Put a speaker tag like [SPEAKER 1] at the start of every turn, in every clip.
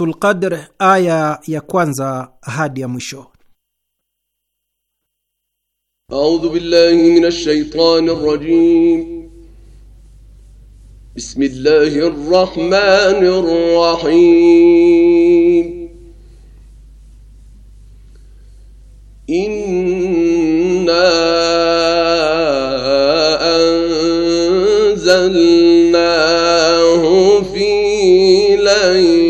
[SPEAKER 1] Suratul Qadr aya ya kwanza hadi ya mwisho.
[SPEAKER 2] A'udhu billahi minash shaitani rrajim. Bismillahir rahmanir rahim. Inna anzalnahu fi laylatin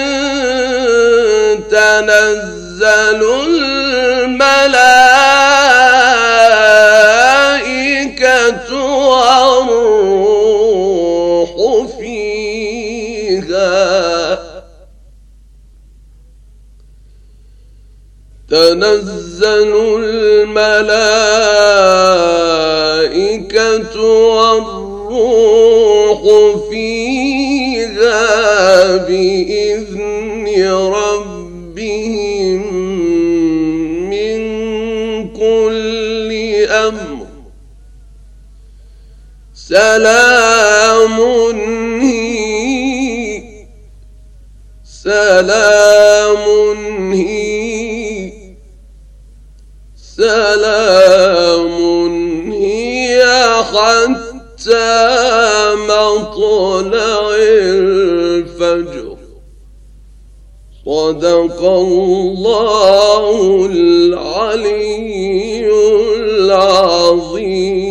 [SPEAKER 2] تنزل الملائكة والروح فيها تنزل الملائكة والروح فيها بإذن ربهم سلام هي سلام هي سلام هي حتى مطلع الفجر صدق الله العلي العظيم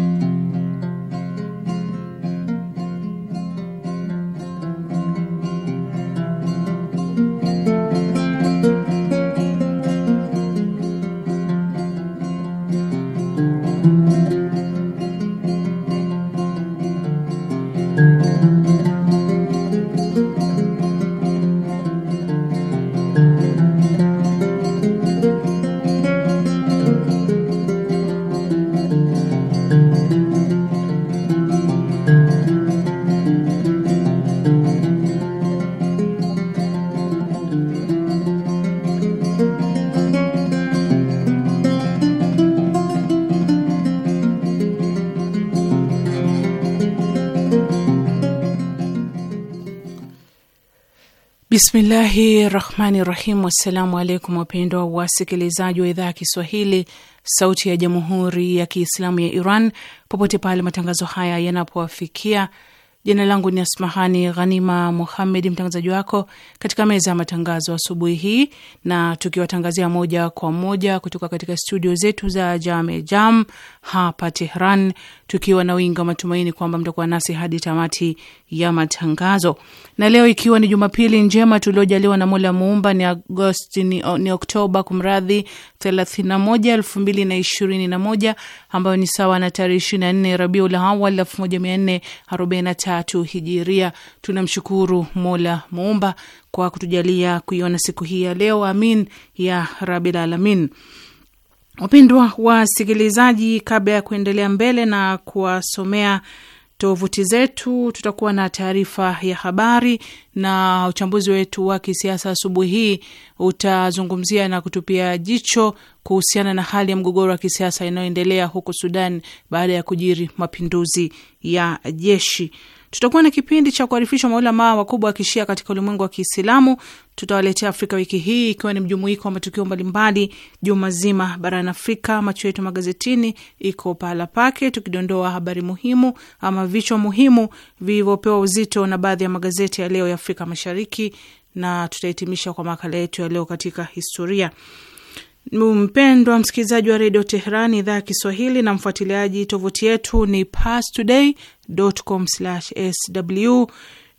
[SPEAKER 3] Bismillahi rahmani rahim. Wassalamu alaikum, wapendwa wasikilizaji wa idhaa ya Kiswahili sauti ya jamhuri ya Kiislamu ya Iran, popote pale matangazo haya yanapowafikia Jina langu ni Asmahani Ghanima Muhammed, mtangazaji wako katika meza ya matangazo asubuhi hii, na tukiwatangazia moja kwa moja kutoka katika studio zetu za Jame Jam hapa Tehran, tukiwa na wingi wa matumaini kwamba mtakuwa nasi hadi tamati ya matangazo. Na leo ikiwa ni Jumapili njema tuliojaliwa na Mola Muumba, ni Agosti ni, ni Oktoba kumradhi 31, 2021 ambayo ni sawa na tarehe 24 Rabiul Awwal 1443 tatu hijiria. Tunamshukuru Mola muumba kwa kutujalia kuiona siku hii ya leo, amin ya rabil alamin. Wapendwa wasikilizaji, kabla ya kuendelea mbele na kuwasomea tovuti zetu, tutakuwa na taarifa ya habari na uchambuzi wetu wa kisiasa asubuhi hii utazungumzia na kutupia jicho kuhusiana na hali ya mgogoro wa kisiasa inayoendelea huko Sudan baada ya kujiri mapinduzi ya jeshi. Tutakuwa na kipindi cha kuarifishwa maulamaa wakubwa wa kishia katika ulimwengu wa Kiislamu. Tutawaletea Afrika wiki hii, ikiwa ni mjumuiko wa matukio mbalimbali juma zima barani Afrika. Macho yetu magazetini iko pahala pake, tukidondoa habari muhimu ama vichwa muhimu vilivyopewa uzito na baadhi ya magazeti ya leo ya Afrika Mashariki, na tutahitimisha kwa makala yetu ya leo katika historia. Mpendwa msikilizaji wa redio Teherani, idhaa ya Kiswahili na mfuatiliaji, tovuti yetu ni pastoday.com/sw,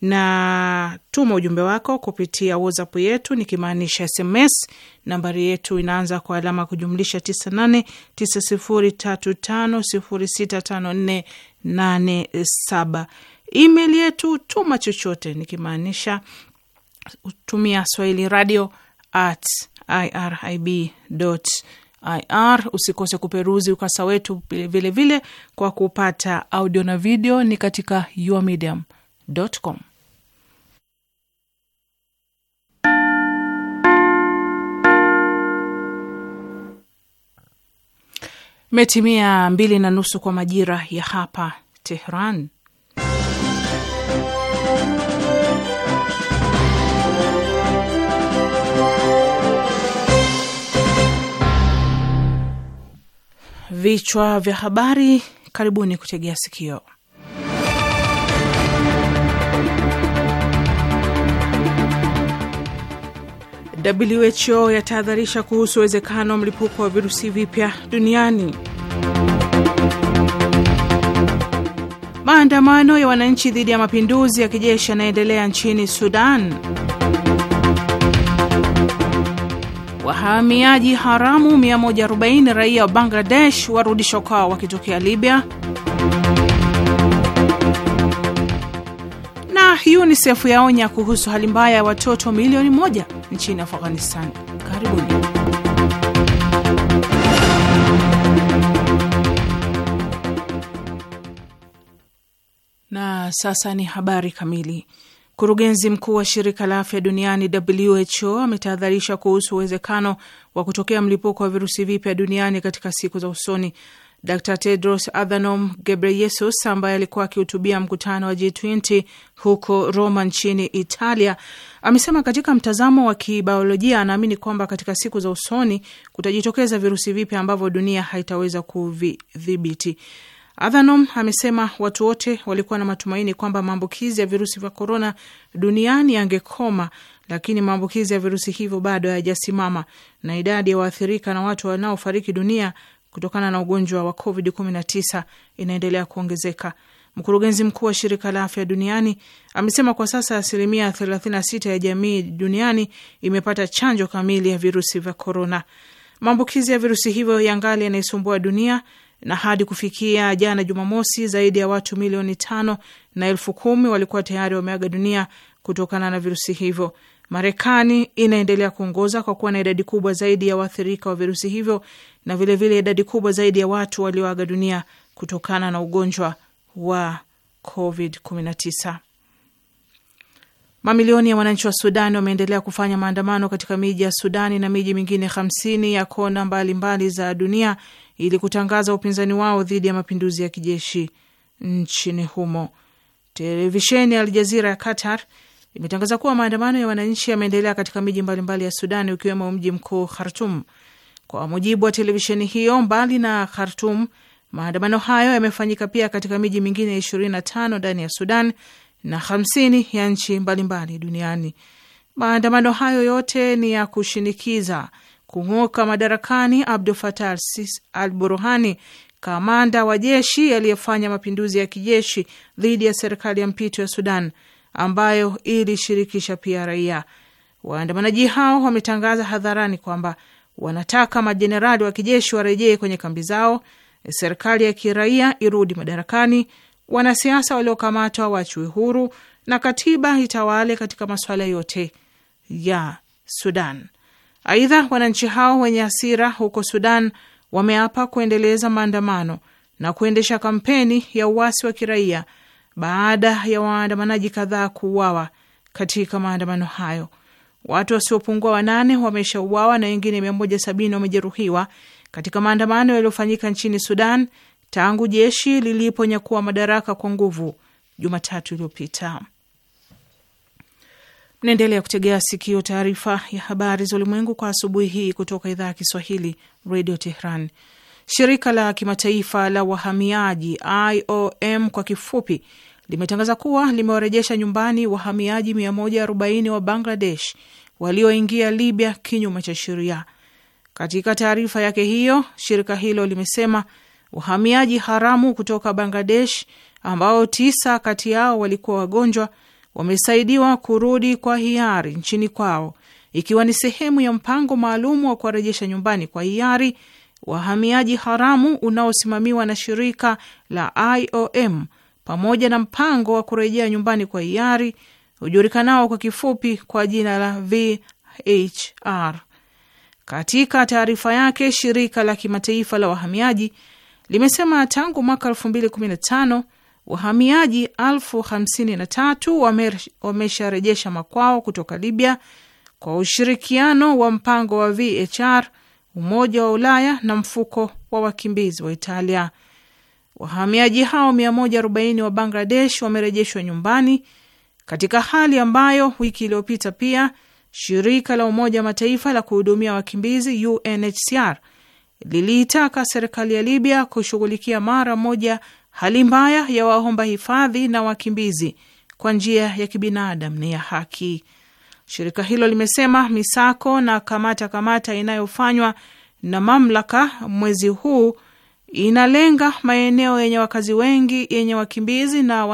[SPEAKER 3] na tuma ujumbe wako kupitia WhatsApp yetu nikimaanisha SMS. Nambari yetu inaanza kwa alama kujumlisha 989035065487. Email yetu tuma chochote nikimaanisha tumia swahili radio at irib.ir. Usikose kuperuzi ukasa wetu vilevile vile. Kwa kupata audio na video ni katika yourmedium.com. Metimia mbili na nusu kwa majira ya hapa Tehran vichwa vya habari. Karibuni kutegea sikio. WHO yatahadharisha kuhusu uwezekano wa mlipuko wa virusi vipya duniani. Maandamano ya wananchi dhidi ya mapinduzi ya kijeshi yanaendelea nchini Sudan. Wahamiaji haramu 140 raia wa Bangladesh warudishwa kwao wakitokea Libya. Na UNICEF yaonya kuhusu hali mbaya ya watoto milioni moja nchini Afghanistan. Karibuni. Na sasa ni habari kamili. Mkurugenzi mkuu wa shirika la afya duniani WHO ametahadharisha kuhusu uwezekano wa kutokea mlipuko wa virusi vipya duniani katika siku za usoni. Dr Tedros Adhanom Ghebreyesus, ambaye alikuwa akihutubia mkutano wa G20 huko Roma nchini Italia, amesema katika mtazamo wa kibiolojia anaamini kwamba katika siku za usoni kutajitokeza virusi vipya ambavyo dunia haitaweza kuvidhibiti. Adhanom amesema watu wote walikuwa na matumaini kwamba maambukizi ya virusi vya korona duniani yangekoma, lakini maambukizi ya virusi hivyo bado hayajasimama na idadi ya waathirika na watu wanaofariki dunia kutokana na ugonjwa wa Covid 19 inaendelea kuongezeka. Mkurugenzi mkuu wa shirika la afya duniani amesema kwa sasa asilimia 36 ya jamii duniani imepata chanjo kamili ya virusi vya korona. Maambukizi ya virusi hivyo yangali yanaisumbua dunia na hadi kufikia jana Jumamosi, zaidi ya watu milioni tano na elfu kumi walikuwa tayari wameaga dunia kutokana na virusi hivyo. Marekani inaendelea kuongoza kwa kuwa na idadi kubwa zaidi ya waathirika wa virusi hivyo na vilevile vile idadi kubwa zaidi ya watu walioaga dunia kutokana na ugonjwa wa COVID-19. Mamilioni ya wananchi wa Sudani wameendelea kufanya maandamano katika miji ya Sudani na miji mingine 50 ya kona mbalimbali mbali za dunia ili kutangaza upinzani wao dhidi ya mapinduzi ya kijeshi nchini humo. Televisheni ya Aljazira ya Qatar imetangaza kuwa maandamano ya wananchi yameendelea katika miji mbalimbali ya Sudani, ukiwemo mji mkuu Khartum. Kwa mujibu wa televisheni hiyo, mbali na Khartum, maandamano hayo yamefanyika pia katika miji mingine 25 ndani ya Sudan na 50 ya nchi mbalimbali duniani. Maandamano hayo yote ni ya kushinikiza kung'oka madarakani Abdul Fatah al, al Buruhani, kamanda wa jeshi aliyefanya mapinduzi ya kijeshi dhidi ya serikali ya mpito ya Sudan ambayo ilishirikisha pia raia. Waandamanaji hao wametangaza hadharani kwamba wanataka majenerali wa kijeshi warejee kwenye kambi zao, serikali ya kiraia irudi madarakani, wanasiasa waliokamatwa waachiwe huru, na katiba itawale katika masuala yote ya Sudan. Aidha, wananchi hao wenye hasira huko Sudan wameapa kuendeleza maandamano na kuendesha kampeni ya uasi wa kiraia baada ya waandamanaji kadhaa kuuawa katika maandamano hayo. Watu wasiopungua wanane wameshauawa na wengine sabini wamejeruhiwa katika maandamano yaliyofanyika nchini Sudan tangu jeshi liliponyakua madaraka kwa nguvu Jumatatu iliyopita. Naendelea kutegea sikio taarifa ya habari za ulimwengu kwa asubuhi hii kutoka idhaa ya Kiswahili redio Tehran. Shirika la kimataifa la wahamiaji IOM kwa kifupi limetangaza kuwa limewarejesha nyumbani wahamiaji 140 wa Bangladesh walioingia Libya kinyume cha sheria. Katika taarifa yake hiyo, shirika hilo limesema wahamiaji haramu kutoka Bangladesh ambao tisa kati yao walikuwa wagonjwa wamesaidiwa kurudi kwa hiari nchini kwao, ikiwa ni sehemu ya mpango maalum wa kuwarejesha nyumbani kwa hiari wahamiaji haramu unaosimamiwa na shirika la IOM pamoja na mpango wa kurejea nyumbani kwa hiari hujulikanao kwa kifupi kwa jina la VHR. Katika taarifa yake, shirika la kimataifa la wahamiaji limesema tangu mwaka 2015 Wahamiaji elfu hamsini na tatu wamesharejesha makwao kutoka Libya kwa ushirikiano wa mpango wa VHR, Umoja wa Ulaya na mfuko wa wakimbizi wa Italia. Wahamiaji hao 140 wa Bangladesh wamerejeshwa nyumbani katika hali ambayo wiki iliyopita pia shirika la Umoja wa Mataifa la kuhudumia wakimbizi UNHCR liliitaka serikali ya Libya kushughulikia mara moja Hali mbaya ya waomba hifadhi na wakimbizi kwa njia ya kibinadamu ni ya haki. Shirika hilo limesema misako na kamata kamata inayofanywa na mamlaka mwezi huu inalenga maeneo yenye wakazi wengi yenye wakimbizi na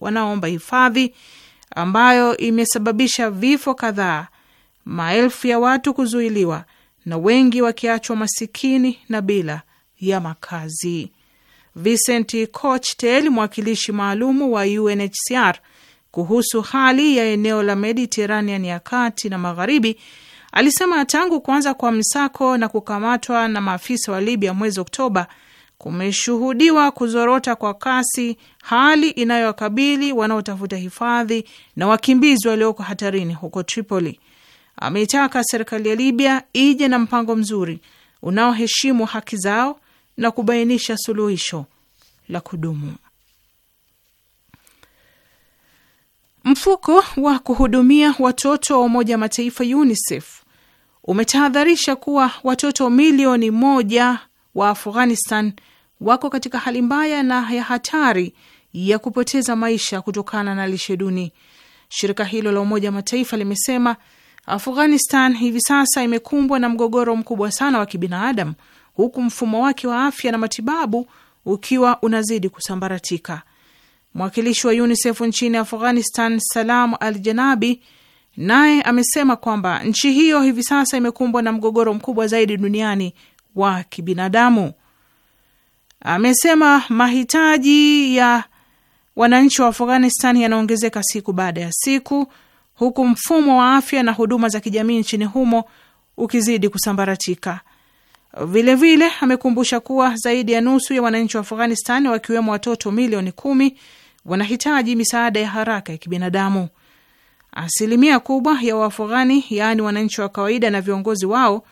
[SPEAKER 3] wanaoomba hifadhi ambayo imesababisha vifo kadhaa, maelfu ya watu kuzuiliwa na wengi wakiachwa masikini na bila ya makazi. Vincent Cochetel, mwakilishi maalumu wa UNHCR kuhusu hali ya eneo la Mediterranean ya kati na magharibi, alisema tangu kuanza kwa msako na kukamatwa na maafisa wa Libya mwezi Oktoba kumeshuhudiwa kuzorota kwa kasi hali inayowakabili wanaotafuta hifadhi na wakimbizi walioko hatarini huko Tripoli. Ameitaka serikali ya Libya ije na mpango mzuri unaoheshimu haki zao na kubainisha suluhisho la kudumu. Mfuko wa kuhudumia watoto wa Umoja wa Mataifa UNICEF umetahadharisha kuwa watoto milioni moja wa Afghanistan wako katika hali mbaya na ya hatari ya kupoteza maisha kutokana na lishe duni. Shirika hilo la Umoja wa Mataifa limesema Afghanistan hivi sasa imekumbwa na mgogoro mkubwa sana wa kibinadamu huku mfumo wake wa afya na matibabu ukiwa unazidi kusambaratika. Mwakilishi wa UNICEF nchini Afghanistan, Salam Al Janabi, naye amesema kwamba nchi hiyo hivi sasa imekumbwa na mgogoro mkubwa zaidi duniani wa kibinadamu. Amesema mahitaji ya wananchi wa Afghanistan yanaongezeka siku baada ya siku, huku mfumo wa afya na huduma za kijamii nchini humo ukizidi kusambaratika. Vilevile amekumbusha kuwa zaidi ya nusu ya wananchi wa Afghanistan, wakiwemo watoto milioni kumi, wanahitaji misaada ya haraka ya kibinadamu. Asilimia kubwa ya Waafghani, yaani wananchi wa kawaida na viongozi wao,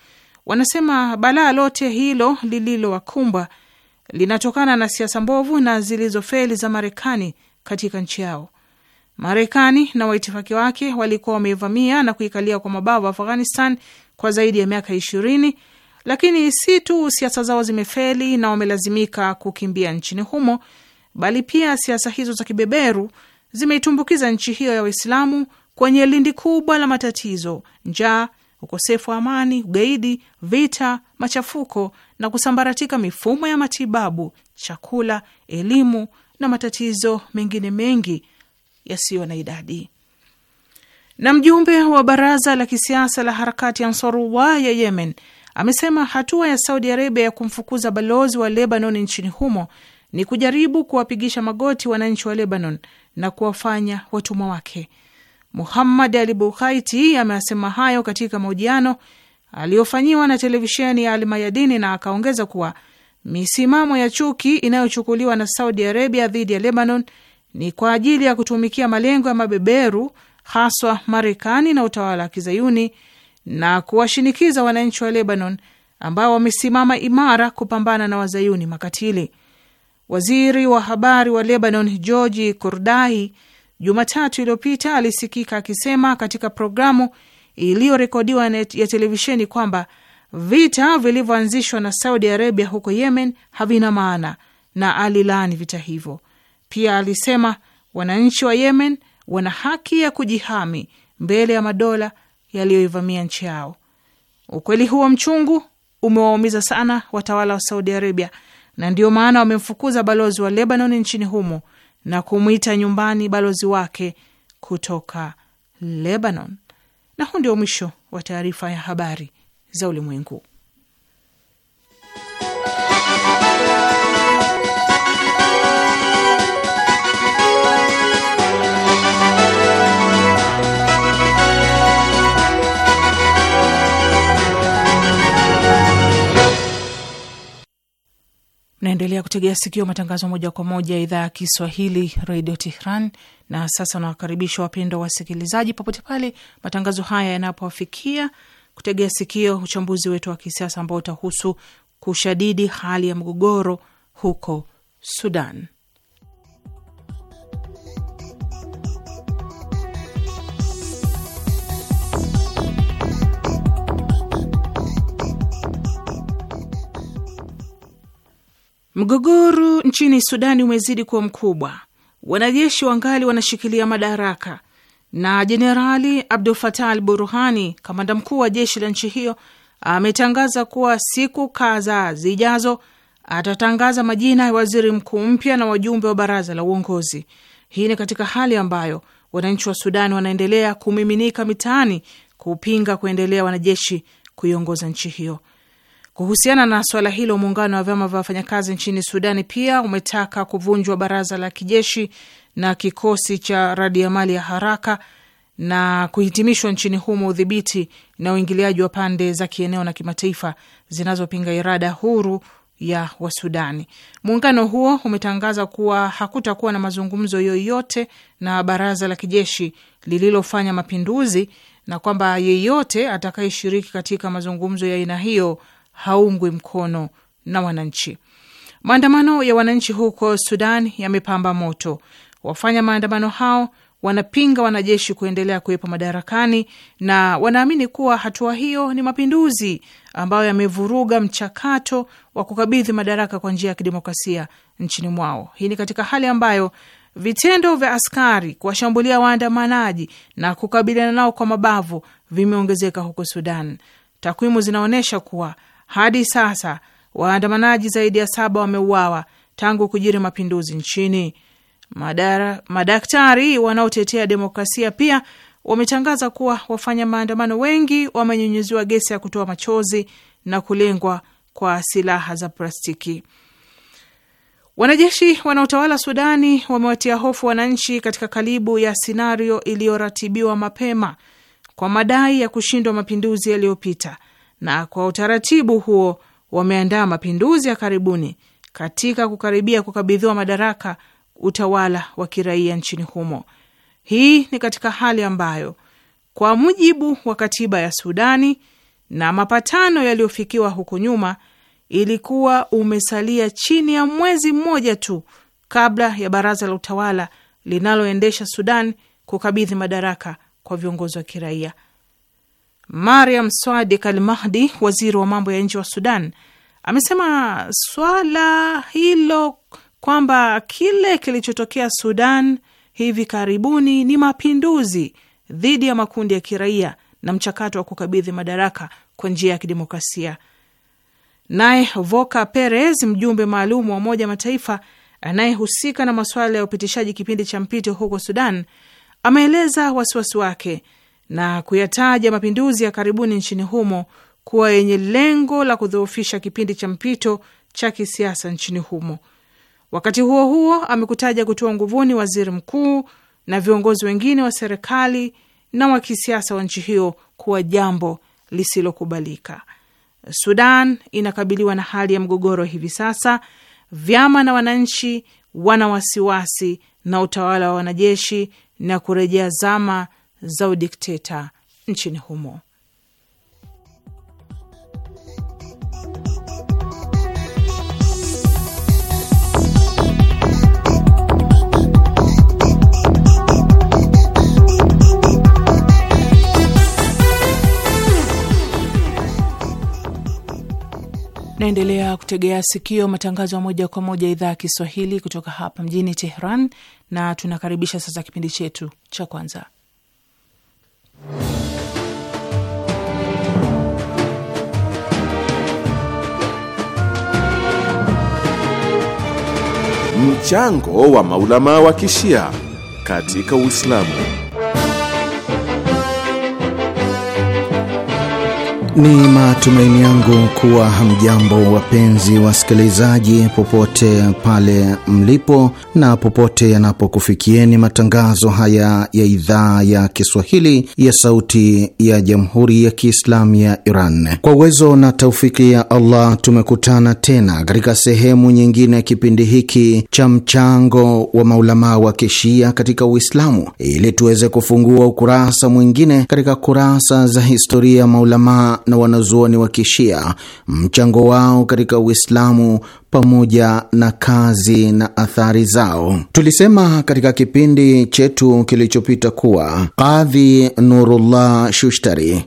[SPEAKER 3] wanasema balaa lote hilo lililowakumba linatokana na siasa mbovu na zilizofeli za Marekani katika nchi yao. Marekani na waitifaki wake walikuwa wameivamia na kuikalia kwa mabavu Afghanistan kwa zaidi ya miaka ishirini lakini si tu siasa zao zimefeli na wamelazimika kukimbia nchini humo, bali pia siasa hizo za kibeberu zimeitumbukiza nchi hiyo ya Waislamu kwenye lindi kubwa la matatizo: njaa, ukosefu wa amani, ugaidi, vita, machafuko na kusambaratika mifumo ya matibabu, chakula, elimu na matatizo mengine mengi yasiyo na idadi. Na mjumbe wa baraza la kisiasa la harakati Ansarullah ya Yemen amesema hatua ya Saudi Arabia ya kumfukuza balozi wa Lebanon nchini humo ni kujaribu kuwapigisha magoti wananchi wa Lebanon na kuwafanya watumwa wake. Muhammad Ali Bukhaiti ameyasema hayo katika mahojiano aliyofanyiwa na televisheni ya Almayadini na akaongeza kuwa misimamo ya chuki inayochukuliwa na Saudi Arabia dhidi ya Lebanon ni kwa ajili ya kutumikia malengo ya mabeberu haswa Marekani na utawala wa kizayuni na kuwashinikiza wananchi wa Lebanon ambao wamesimama imara kupambana na wazayuni makatili. Waziri wa habari wa Lebanon Georgi Kurdahi Jumatatu iliyopita alisikika akisema katika programu iliyorekodiwa ya televisheni kwamba vita vilivyoanzishwa na Saudi Arabia huko Yemen havina maana na alilaani vita hivyo. Pia alisema wananchi wa Yemen wana haki ya kujihami mbele ya madola yaliyoivamia nchi yao. Ukweli huo mchungu umewaumiza sana watawala wa Saudi Arabia, na ndiyo maana wamemfukuza balozi wa Lebanon nchini humo na kumwita nyumbani balozi wake kutoka Lebanon. Na huu ndio mwisho wa taarifa ya habari za ulimwengu. Mnaendelea kutegea sikio matangazo moja kwa moja ya idhaa ya Kiswahili redio Tehran. Na sasa nawakaribisha wapendwa wasikilizaji, popote pale matangazo haya yanapowafikia, kutegea sikio uchambuzi wetu wa kisiasa ambao utahusu kushadidi hali ya mgogoro huko Sudan. Mgogoro nchini Sudani umezidi kuwa mkubwa, wanajeshi wangali wanashikilia madaraka na Jenerali Abdul Fatah al Burhani, kamanda mkuu wa jeshi la nchi hiyo, ametangaza kuwa siku kadhaa zijazo atatangaza majina ya waziri mkuu mpya na wajumbe wa baraza la uongozi. Hii ni katika hali ambayo wananchi wa Sudani wanaendelea kumiminika mitaani kupinga kuendelea wanajeshi kuiongoza nchi hiyo. Kuhusiana na swala hilo, muungano wa vyama vya wafanyakazi nchini Sudani pia umetaka kuvunjwa baraza la kijeshi na kikosi cha radiamali ya haraka na kuhitimishwa nchini humo udhibiti na uingiliaji wa pande za kieneo na kimataifa zinazopinga irada huru ya Wasudani. Muungano huo umetangaza kuwa hakutakuwa na mazungumzo yoyote na baraza la kijeshi lililofanya mapinduzi na kwamba yeyote atakayeshiriki katika mazungumzo ya aina hiyo haungwi mkono na wananchi. Maandamano ya wananchi huko Sudan yamepamba moto. Wafanya maandamano hao wanapinga wanajeshi kuendelea kuwepo madarakani na wanaamini kuwa hatua hiyo ni mapinduzi ambayo yamevuruga mchakato wa kukabidhi madaraka kwa njia ya kidemokrasia nchini mwao. Hii ni katika hali ambayo vitendo vya askari kuwashambulia waandamanaji na kukabiliana nao kwa mabavu vimeongezeka huko Sudan. Takwimu zinaonyesha kuwa hadi sasa waandamanaji zaidi ya saba wameuawa tangu kujiri mapinduzi nchini. Madara, madaktari wanaotetea demokrasia pia wametangaza kuwa wafanya maandamano wengi wamenyunyuziwa gesi ya kutoa machozi na kulengwa kwa silaha za plastiki. Wanajeshi wanaotawala Sudani wamewatia hofu wananchi katika karibu ya sinario iliyoratibiwa mapema kwa madai ya kushindwa mapinduzi yaliyopita na kwa utaratibu huo wameandaa mapinduzi ya karibuni katika kukaribia kukabidhiwa madaraka utawala wa kiraia nchini humo. Hii ni katika hali ambayo kwa mujibu wa katiba ya Sudani na mapatano yaliyofikiwa huko nyuma, ilikuwa umesalia chini ya mwezi mmoja tu kabla ya baraza la utawala linaloendesha Sudan kukabidhi madaraka kwa viongozi wa kiraia. Mariam Swadik Al Mahdi, waziri wa mambo ya nje wa Sudan, amesema swala hilo kwamba kile kilichotokea Sudan hivi karibuni ni mapinduzi dhidi ya makundi ya kiraia na mchakato wa kukabidhi madaraka kwa njia ya kidemokrasia. Naye Voka Perez, mjumbe maalum wa Umoja Mataifa anayehusika na masuala ya upitishaji kipindi cha mpito huko Sudan, ameeleza wasiwasi wake na kuyataja mapinduzi ya karibuni nchini humo kuwa yenye lengo la kudhoofisha kipindi cha mpito cha kisiasa nchini humo. Wakati huo huo, amekutaja kutoa nguvuni waziri mkuu na viongozi wengine wa serikali na wa kisiasa wa nchi hiyo kuwa jambo lisilokubalika. Sudan inakabiliwa na hali ya mgogoro hivi sasa. Vyama na wananchi wana wasiwasi na utawala wa wanajeshi na kurejea zama za udikteta nchini humo. Naendelea kutegea sikio matangazo ya moja kwa moja idhaa ya Kiswahili kutoka hapa mjini Tehran, na tunakaribisha sasa kipindi chetu cha kwanza
[SPEAKER 4] Mchango wa maulama wa kishia katika Uislamu.
[SPEAKER 5] Ni matumaini yangu kuwa hamjambo wapenzi wasikilizaji, popote pale mlipo na popote yanapokufikieni matangazo haya ya idhaa ya Kiswahili ya Sauti ya Jamhuri ya Kiislamu ya Iran. Kwa uwezo na taufiki ya Allah tumekutana tena katika sehemu nyingine ya kipindi hiki cha mchango wa maulamaa wa Kishia katika Uislamu ili tuweze kufungua ukurasa mwingine katika kurasa za historia ya maulamaa na wanazuoni wa Kishia mchango wao katika Uislamu pamoja na kazi na athari zao. Tulisema katika kipindi chetu kilichopita kuwa Kadhi Nurullah Shushtari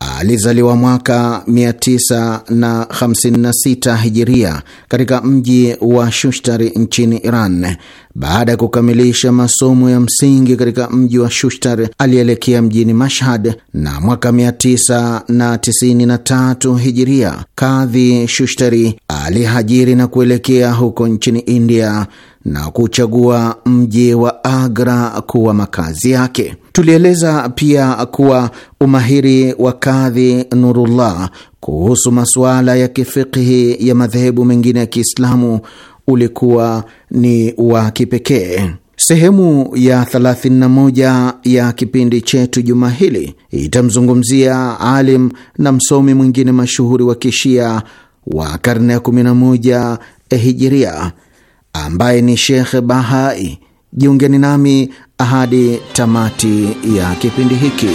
[SPEAKER 5] Alizaliwa mwaka 956 hijiria katika mji wa Shushtari nchini Iran. Baada ya kukamilisha masomo ya msingi katika mji wa Shushtar, alielekea mjini Mashhad na mwaka 993 hijiria, kadhi Shushtari alihajiri na kuelekea huko nchini India na kuchagua mji wa Agra kuwa makazi yake. Tulieleza pia kuwa umahiri wa kadhi Nurullah kuhusu masuala ya kifikhi ya madhehebu mengine ya Kiislamu ulikuwa ni wa kipekee. Sehemu ya 31 ya kipindi chetu juma hili itamzungumzia alim na msomi mwingine mashuhuri wa kishia wa karne ya 11 hijiria ambaye ni Shekh Bahai. Jiungeni nami hadi tamati ya kipindi hiki.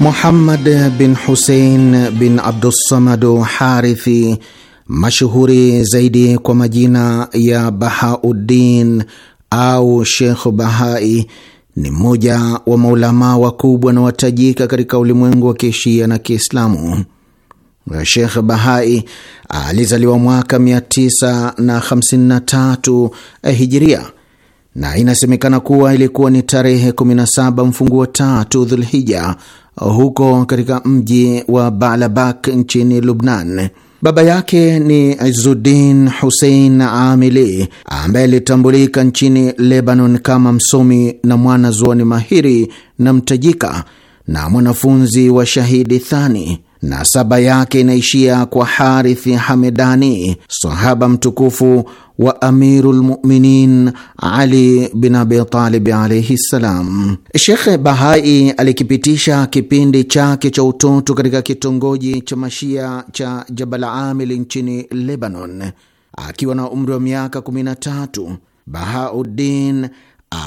[SPEAKER 5] Muhammad bin Husein bin Abdussamadu Harithi, mashuhuri zaidi kwa majina ya Bahauddin au Shekh Bahai ni mmoja wa maulamaa wakubwa na watajika katika ulimwengu wa kishia na Kiislamu. Shekh Bahai alizaliwa mwaka 953 eh, hijiria na inasemekana kuwa ilikuwa ni tarehe 17 mfunguo tatu Dhulhija huko katika mji wa Baalabak nchini Lubnan. Baba yake ni Izuddin husein Amili ambaye alitambulika nchini Lebanon kama msomi na mwana zuoni mahiri na mtajika na mwanafunzi wa Shahidi Thani. Nasaba yake inaishia kwa Harithi Hamedani, sahaba mtukufu wa Amiru lmuminin Ali bin Abitalib alaihi ssalam. Shekhe Bahai alikipitisha kipindi chake cha utoto katika kitongoji cha Mashia cha Jabal Amil nchini Lebanon. Akiwa na umri wa miaka 13, Bahauddin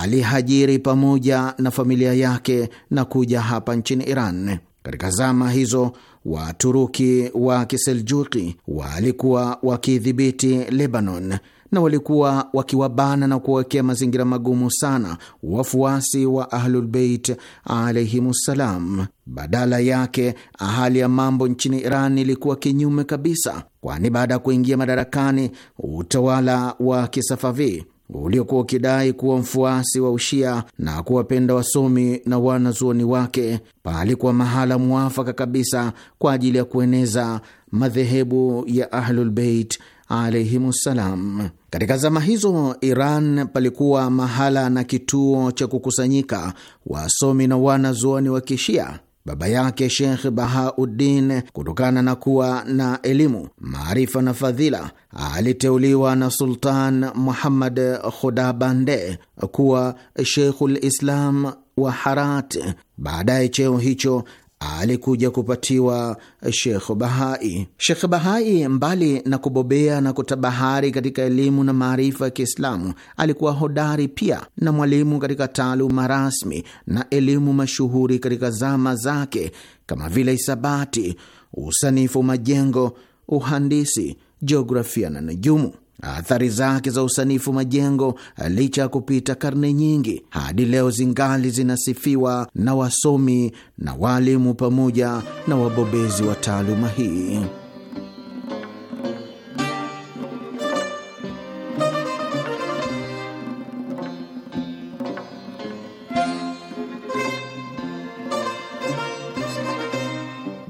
[SPEAKER 5] alihajiri pamoja na familia yake na kuja hapa nchini Iran. Katika zama hizo Waturuki wa Kiseljuki walikuwa wakidhibiti Lebanon na walikuwa wakiwabana na kuwawekea mazingira magumu sana wafuasi wa Ahlulbeit alaihimussalam. Badala yake, hali ya mambo nchini Iran ilikuwa kinyume kabisa, kwani baada ya kuingia madarakani utawala wa Kisafavi uliokuwa ukidai kuwa mfuasi wa Ushia na kuwapenda wasomi na wanazuoni wake, palikuwa mahala mwafaka kabisa kwa ajili ya kueneza madhehebu ya Ahlulbeit alaihimussalam. Katika zama hizo Iran palikuwa mahala na kituo cha kukusanyika wasomi na wanazuoni wa Kishia baba yake Shekh Bahauddin, kutokana na kuwa na elimu, maarifa na fadhila, aliteuliwa na Sultan Muhammad Khudabande kuwa Sheikhul lislam wa Harat. Baadaye cheo hicho alikuja kupatiwa Shekh Bahai. Shekh Bahai, mbali na kubobea na kutabahari katika elimu na maarifa ya Kiislamu, alikuwa hodari pia na mwalimu katika taaluma rasmi na elimu mashuhuri katika zama zake kama vile hisabati, usanifu majengo, uhandisi, jiografia na nujumu. Athari zake za usanifu majengo, licha ya kupita karne nyingi, hadi leo zingali zinasifiwa na wasomi na waalimu pamoja na wabobezi wa taaluma hii.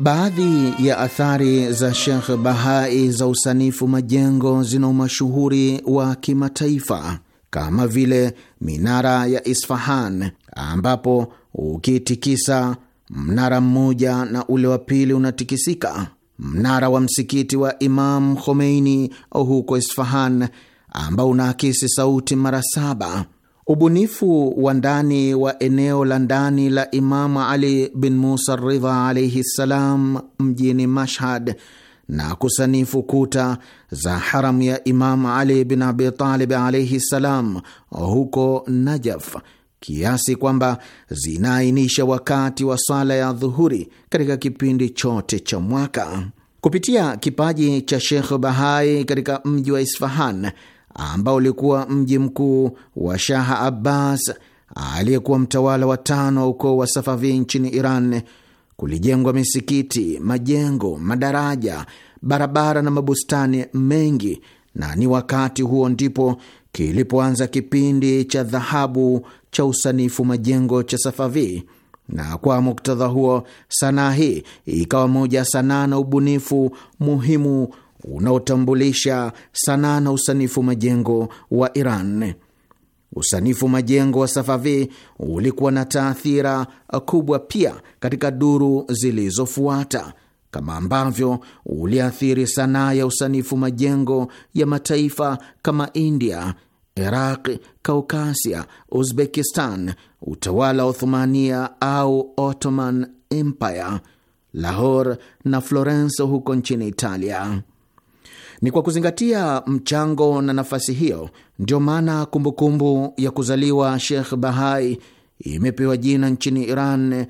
[SPEAKER 5] Baadhi ya athari za Shekh Bahai za usanifu majengo zina umashuhuri wa kimataifa kama vile minara ya Isfahan, ambapo ukitikisa mnara mmoja na ule wa pili unatikisika, mnara wa msikiti wa Imam Khomeini huko Isfahan, ambao unaakisi sauti mara saba Ubunifu wa ndani wa eneo la ndani la Imamu Ali bin Musa Ridha alaihi ssalam mjini Mashhad na kusanifu kuta za haramu ya Imamu Ali bin abitalib alaihi ssalam huko Najaf kiasi kwamba zinaainisha wakati wa sala ya dhuhuri katika kipindi chote cha mwaka. Kupitia kipaji cha Shekh Bahai katika mji wa Isfahan ambao ulikuwa mji mkuu wa shaha Abbas aliyekuwa mtawala wa tano wa ukoo wa Safavi nchini Iran, kulijengwa misikiti, majengo, madaraja, barabara na mabustani mengi, na ni wakati huo ndipo kilipoanza kipindi cha dhahabu cha usanifu majengo cha Safavi na kwa muktadha huo sanaa hii ikawa moja ya sanaa na ubunifu muhimu unaotambulisha sanaa na usanifu majengo wa Iran. Usanifu majengo wa Safavi ulikuwa na taathira kubwa pia katika duru zilizofuata, kama ambavyo uliathiri sanaa ya usanifu majengo ya mataifa kama India, Iraq, Kaukasia, Uzbekistan, utawala wa Uthumania au Ottoman Empire, Lahore na Florence huko nchini Italia. Ni kwa kuzingatia mchango na nafasi hiyo ndiyo maana kumbukumbu ya kuzaliwa Sheikh Bahai imepewa jina nchini Iran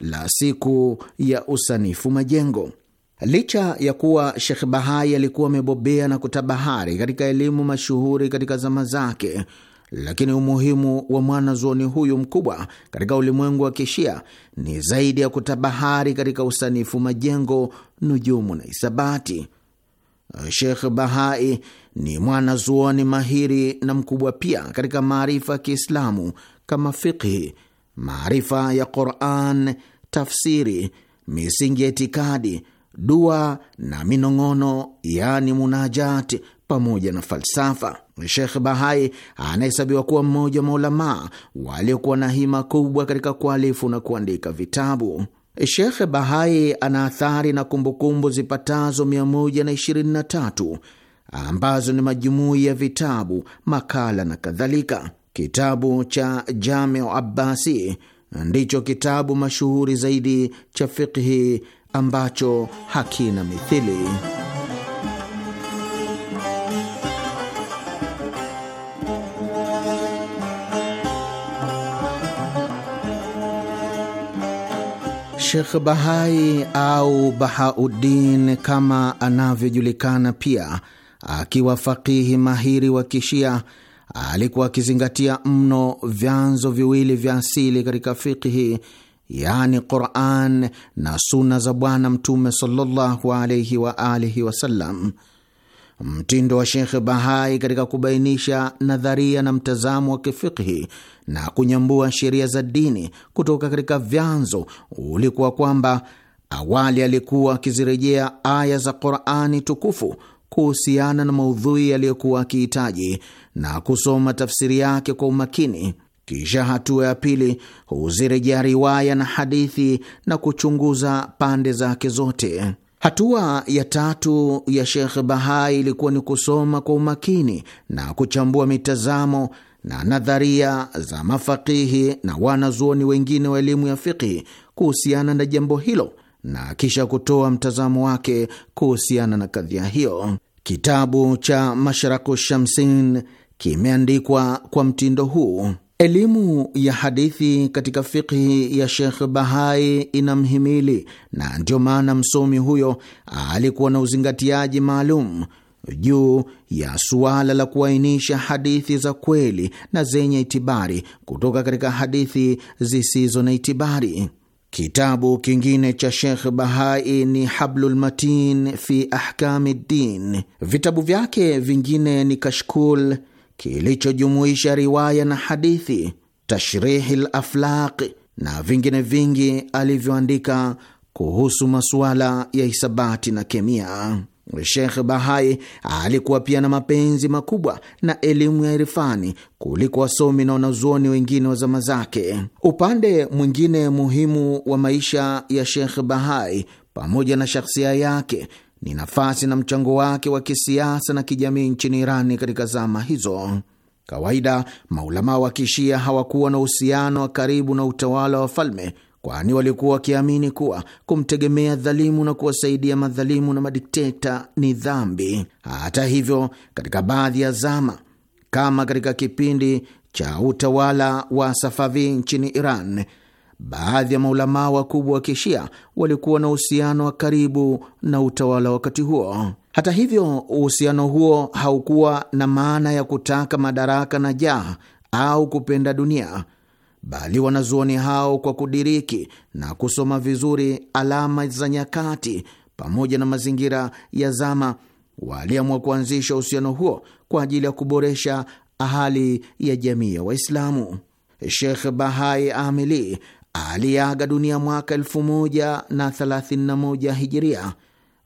[SPEAKER 5] la siku ya usanifu majengo. Licha ya kuwa Sheikh Bahai alikuwa amebobea na kutabahari katika elimu mashuhuri katika zama zake, lakini umuhimu wa mwanazuoni huyu mkubwa katika ulimwengu wa Kishia ni zaidi ya kutabahari katika usanifu majengo, nujumu na isabati. Eh, Shekh Bahai ni mwanazuoni mahiri na mkubwa pia katika maarifa ya Kiislamu kama fikhi maarifa ya Quran, tafsiri, misingi ya itikadi, dua na minong'ono, yani munajat, pamoja na falsafa. Shekh Bahai anahesabiwa kuwa mmoja wa maulamaa waliokuwa na hima kubwa katika kualifu na kuandika vitabu shekhe Bahai ana athari na kumbukumbu zipatazo 123 ambazo ni majumui ya vitabu, makala na kadhalika. Kitabu cha Jamiu Abbasi ndicho kitabu mashuhuri zaidi cha fikhi ambacho hakina mithili. Shekh Bahai au Bahauddin kama anavyojulikana pia, akiwa fakihi mahiri wa Kishia, alikuwa akizingatia mno vyanzo viwili vya asili katika fiqhi yani Quran na suna za Bwana Mtume sallallahu alaihi wa alihi wasallam. Mtindo wa Shekh Bahai katika kubainisha nadharia na mtazamo wa kifikhi na kunyambua sheria za dini kutoka katika vyanzo ulikuwa kwamba awali alikuwa akizirejea aya za Qurani tukufu kuhusiana na maudhui aliyokuwa akihitaji na kusoma tafsiri yake kwa umakini. Kisha hatua ya pili huzirejea riwaya na hadithi na kuchunguza pande zake zote. Hatua ya tatu ya Shekh Bahai ilikuwa ni kusoma kwa umakini na kuchambua mitazamo na nadharia za mafakihi na wanazuoni wengine wa elimu ya fiqhi kuhusiana na jambo hilo na kisha kutoa mtazamo wake kuhusiana na kadhia hiyo. Kitabu cha Masharaku Shamsin kimeandikwa kwa mtindo huu. Elimu ya hadithi katika fiqhi ya Shekh Bahai inamhimili na ndiyo maana msomi huyo alikuwa na uzingatiaji maalum juu ya suala la kuainisha hadithi za kweli na zenye itibari kutoka katika hadithi zisizo na itibari. Kitabu kingine cha Shekh Bahai ni Hablulmatin fi Ahkami Ddin. Vitabu vyake vingine ni Kashkul kilichojumuisha riwaya na hadithi, Tashrihi Laflaq na vingine vingi alivyoandika kuhusu masuala ya hisabati na kemia. Shekh Bahai alikuwa pia na mapenzi makubwa na elimu ya irifani kuliko wasomi na wanazuoni wengine wa zama zake. Upande mwingine muhimu wa maisha ya Shekh Bahai pamoja na shakhsia yake ni nafasi na mchango wake wa kisiasa na kijamii nchini Irani katika zama hizo. Kawaida maulamaa wa Kishia hawakuwa na uhusiano wa karibu na utawala wa falme kwani walikuwa wakiamini kuwa kumtegemea dhalimu na kuwasaidia madhalimu na madikteta ni dhambi. Hata hivyo, katika baadhi ya zama kama katika kipindi cha utawala wa Safavi nchini Iran, baadhi ya maulamaa wakubwa wa Kishia walikuwa na uhusiano wa karibu na utawala wakati huo. Hata hivyo, uhusiano huo haukuwa na maana ya kutaka madaraka na jaha au kupenda dunia bali wanazuoni hao kwa kudiriki na kusoma vizuri alama za nyakati pamoja na mazingira ya zama, waliamua kuanzisha uhusiano huo kwa ajili ya kuboresha hali ya jamii ya Waislamu. Sheikh Bahai Amili aliaga dunia mwaka 1031 hijiria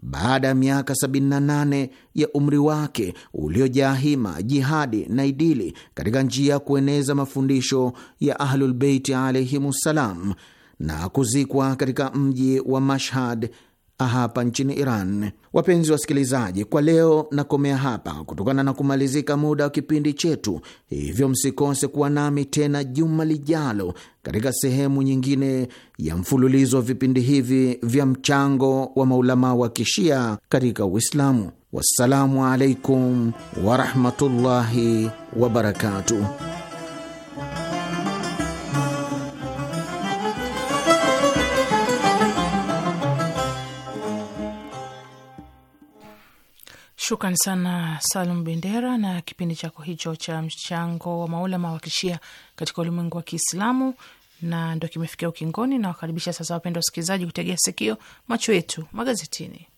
[SPEAKER 5] baada ya miaka 78 ya umri wake uliojaa hima, jihadi na idili katika njia ya kueneza mafundisho ya Ahlulbeiti alaihimussalam na kuzikwa katika mji wa Mashhad hapa nchini Iran. Wapenzi wasikilizaji, kwa leo nakomea hapa kutokana na kumalizika muda wa kipindi chetu, hivyo msikose kuwa nami tena juma lijalo katika sehemu nyingine ya mfululizo wa vipindi hivi vya mchango wa maulama wa kishia katika Uislamu. Wassalamu alaikum warahmatullahi wabarakatuh.
[SPEAKER 3] Shukran sana Salum Bendera na kipindi chako hicho cha mchango wa maulama wa kishia katika ulimwengu wa Kiislamu, na ndo kimefikia ukingoni. Nawakaribisha sasa, wapendwa wasikilizaji, kutegea sikio macho yetu magazetini.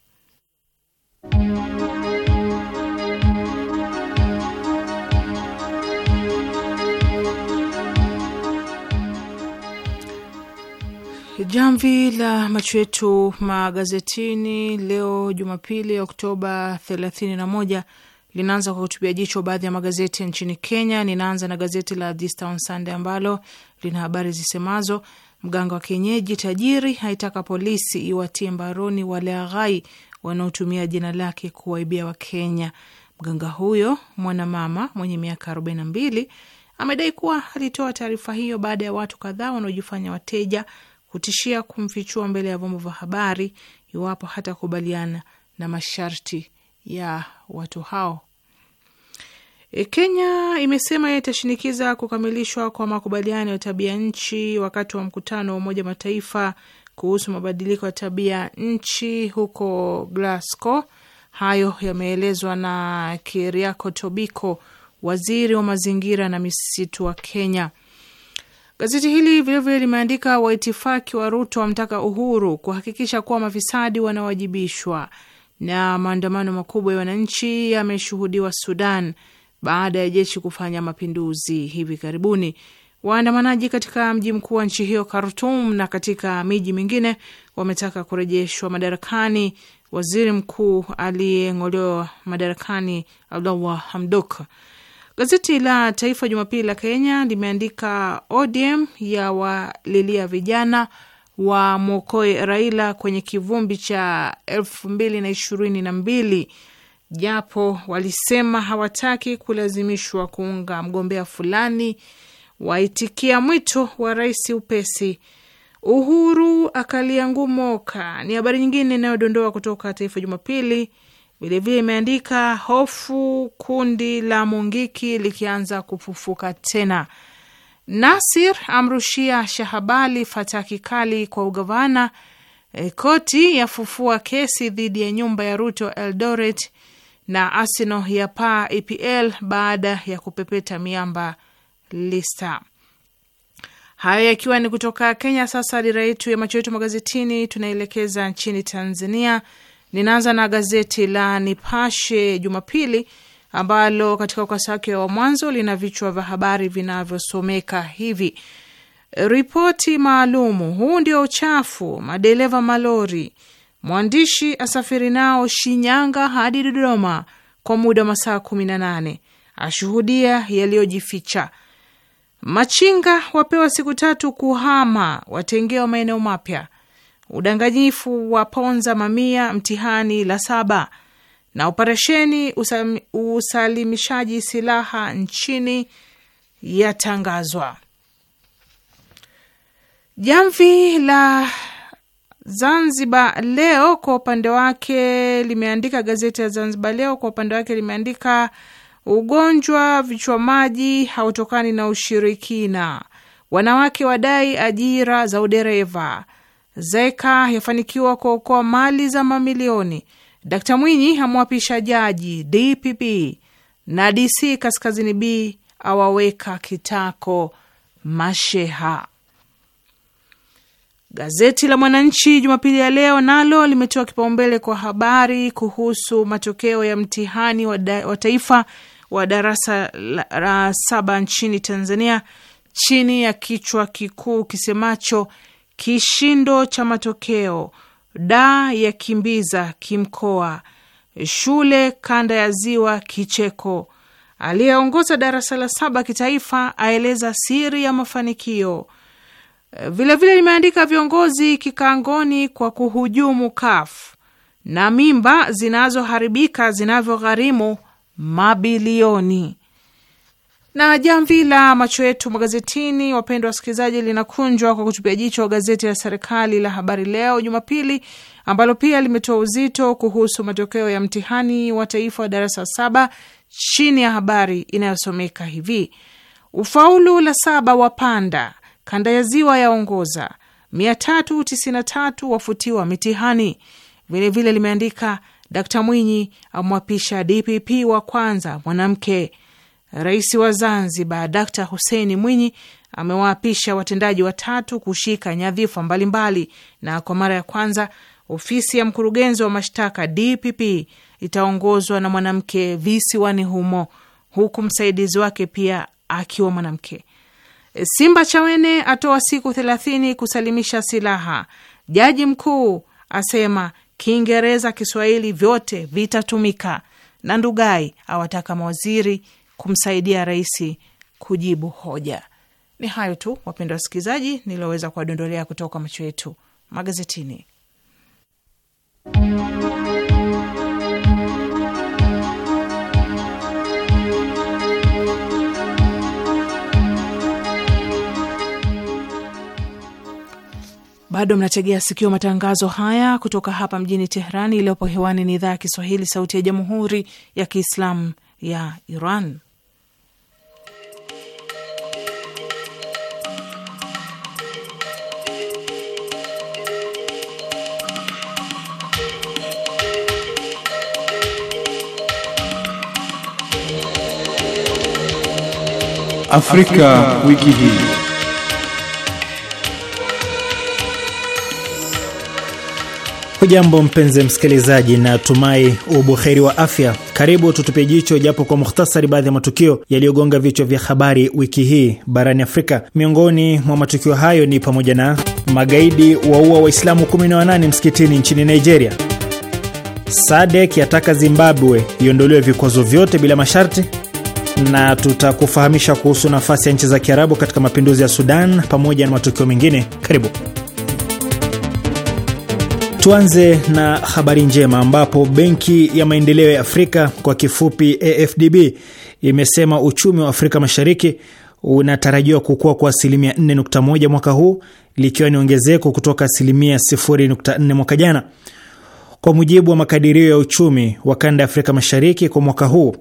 [SPEAKER 3] Jamvi la macho yetu magazetini leo Jumapili, Oktoba 31 linaanza kwa kutupia jicho baadhi ya magazeti ya nchini Kenya. Ninaanza na gazeti la This Town Sunday ambalo lina habari zisemazo: mganga wa kienyeji tajiri haitaka polisi iwatie mbaroni wale aghai wanaotumia jina lake kuwaibia Wakenya. Mganga huyo mwanamama mwenye miaka 42 amedai kuwa alitoa taarifa hiyo baada ya watu kadhaa wanaojifanya wateja kutishia kumfichua mbele ya vyombo vya habari iwapo hatakubaliana na masharti ya watu hao. E, Kenya imesema itashinikiza kukamilishwa kwa makubaliano ya tabia nchi wakati wa mkutano wa Umoja Mataifa kuhusu mabadiliko ya tabia nchi huko Glasgow. Hayo yameelezwa na Keriako Tobiko, waziri wa mazingira na misitu wa Kenya. Gazeti hili vilevile limeandika waitifaki wa Ruto wamtaka Uhuru kuhakikisha kuwa mafisadi wanawajibishwa. Na maandamano makubwa ya wananchi yameshuhudiwa Sudan baada ya jeshi kufanya mapinduzi hivi karibuni. Waandamanaji katika mji mkuu wa nchi hiyo khartum na katika miji mingine wametaka kurejeshwa madarakani waziri mkuu aliyeng'olewa madarakani Abdullah Hamdok. Gazeti la Taifa Jumapili la Kenya limeandika ODM ya walilia vijana wa mwokoe Raila kwenye kivumbi cha elfu mbili na ishirini na mbili japo walisema hawataki kulazimishwa kuunga mgombea fulani. Waitikia mwito wa rais upesi. Uhuru akalia ngumoka ni habari nyingine inayodondoa kutoka Taifa Jumapili Vilevile imeandika hofu kundi la Mungiki likianza kufufuka tena. Nasir amrushia Shahabali fataki kali kwa ugavana. E, koti yafufua kesi dhidi ya nyumba ya Ruto Eldoret, na Arsenal ya paa EPL baada ya kupepeta miamba lista. Hayo yakiwa ni kutoka Kenya. Sasa dira yetu ya macho yetu magazetini tunaelekeza nchini Tanzania Ninaanza na gazeti la Nipashe Jumapili ambalo katika ukurasa wake wa mwanzo lina vichwa vya habari vinavyosomeka hivi: ripoti maalumu, huu ndio uchafu madereva malori, mwandishi asafiri nao Shinyanga hadi Dodoma kwa muda wa masaa nane ashuhudia yaliyojificha. Machinga wapewa siku tatu kuhama, watengewa maeneo mapya udanganyifu wa ponza mamia mtihani la saba, na operesheni usalimishaji silaha nchini yatangazwa. Jamvi la Zanzibar Leo kwa upande wake limeandika, gazeti la Zanzibar Leo kwa upande wake limeandika ugonjwa vichwa maji hautokani na ushirikina, wanawake wadai ajira za udereva Zeka yafanikiwa kuokoa mali za mamilioni. Dkt Mwinyi amwapisha jaji DPP na DC Kaskazini B awaweka kitako masheha. Gazeti la Mwananchi Jumapili ya leo nalo limetoa kipaumbele kwa habari kuhusu matokeo ya mtihani wa, da, wa taifa wa darasa la, la saba nchini Tanzania chini ya kichwa kikuu kisemacho Kishindo cha matokeo da kimbiza kimkoa, shule kanda ya ziwa kicheko. Aliyeongoza darasa la saba kitaifa aeleza siri ya mafanikio. Vilevile limeandika viongozi kikangoni kwa kuhujumu kafu na mimba zinazoharibika zinavyogharimu mabilioni. Na jamvi la macho yetu magazetini, wapendwa wasikilizaji, linakunjwa kwa kutupia jicho gazeti la serikali la Habari Leo Jumapili, ambalo pia limetoa uzito kuhusu matokeo ya mtihani wa taifa wa darasa saba chini ya habari inayosomeka hivi: ufaulu la saba panda kanda ya ziwa yaongoza, 393 wafutiwa mitihani. Vilevile limeandika Dkt Mwinyi amwapisha DPP wa kwanza mwanamke Rais wa Zanzibar Dkt Hussein Mwinyi amewaapisha watendaji watatu kushika nyadhifa mbalimbali, na kwa mara ya kwanza ofisi ya mkurugenzi wa mashtaka DPP itaongozwa na mwanamke visiwani humo, huku msaidizi wake pia akiwa mwanamke. Simba Chawene atoa siku thelathini kusalimisha silaha. Jaji mkuu asema Kiingereza, Kiswahili vyote vitatumika, na Ndugai awataka mawaziri kumsaidia rais kujibu hoja. Ni hayo tu, wapendwa wasikilizaji, nilioweza kuwadondolea kutoka macho yetu magazetini. Bado mnategea sikio matangazo haya kutoka hapa mjini Teherani. Iliyopo hewani ni idhaa ya Kiswahili, sauti ya jamhuri ya kiislamu ya Iran.
[SPEAKER 2] Afrika, wiki hii.
[SPEAKER 1] Hujambo mpenzi msikilizaji, na tumai ubuheri wa afya. Karibu tutupie jicho japo kwa muhtasari baadhi ya matukio yaliyogonga vichwa vya habari wiki hii barani Afrika. Miongoni mwa matukio hayo ni pamoja na magaidi waua Waislamu 18 msikitini nchini Nigeria, SADC yataka Zimbabwe iondolewe vikwazo vyote bila masharti na tutakufahamisha kuhusu nafasi ya nchi za Kiarabu katika mapinduzi ya Sudan pamoja na matukio mengine. Karibu. Tuanze na habari njema ambapo Benki ya Maendeleo ya Afrika kwa kifupi AFDB imesema uchumi wa Afrika Mashariki unatarajiwa kukua kwa asilimia 4.1 mwaka huu likiwa ni ongezeko kutoka asilimia 0.4 mwaka jana. Kwa mujibu wa makadirio ya uchumi wa kanda ya Afrika Mashariki kwa mwaka huu,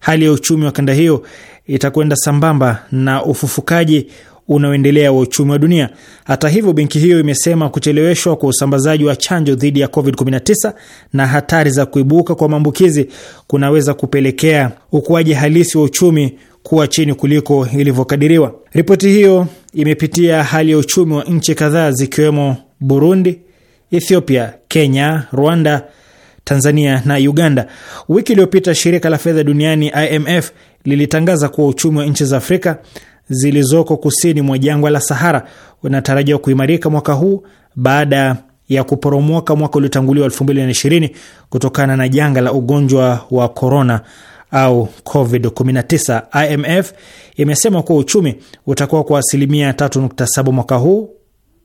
[SPEAKER 1] hali ya uchumi wa kanda hiyo itakwenda sambamba na ufufukaji unaoendelea wa uchumi wa dunia. Hata hivyo, benki hiyo imesema kucheleweshwa kwa usambazaji wa chanjo dhidi ya COVID-19 na hatari za kuibuka kwa maambukizi kunaweza kupelekea ukuaji halisi wa uchumi kuwa chini kuliko ilivyokadiriwa. Ripoti hiyo imepitia hali ya uchumi wa nchi kadhaa zikiwemo Burundi, Ethiopia, Kenya, Rwanda, Tanzania na Uganda. Wiki iliyopita shirika la fedha duniani IMF lilitangaza kuwa uchumi wa nchi za Afrika zilizoko kusini mwa jangwa la Sahara unatarajiwa kuimarika mwaka huu baada ya kuporomoka mwaka uliotanguliwa 2020 kutokana na janga la ugonjwa wa corona au COVID-19. IMF imesema kuwa uchumi utakuwa kwa asilimia 3.7 mwaka huu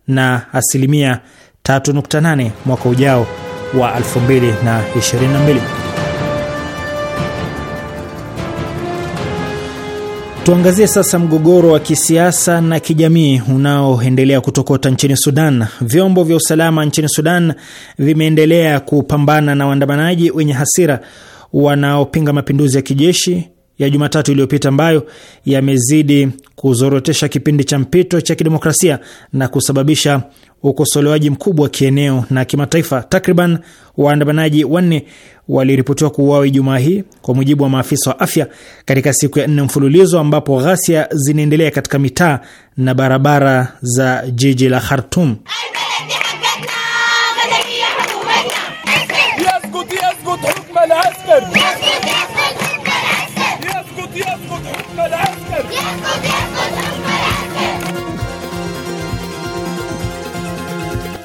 [SPEAKER 1] na asilimia 3.8 mwaka ujao wa 2022. Tuangazie sasa mgogoro wa kisiasa na kijamii unaoendelea kutokota nchini Sudan. Vyombo vya usalama nchini Sudan vimeendelea kupambana na waandamanaji wenye hasira wanaopinga mapinduzi ya kijeshi ya Jumatatu iliyopita ambayo yamezidi kuzorotesha kipindi cha mpito cha kidemokrasia na kusababisha ukosolewaji mkubwa wa kieneo na kimataifa. Takriban waandamanaji wanne waliripotiwa kuuawa Ijumaa hii kwa mujibu wa maafisa wa afya, katika siku ya nne mfululizo ambapo ghasia zinaendelea katika mitaa na barabara za jiji la Khartum.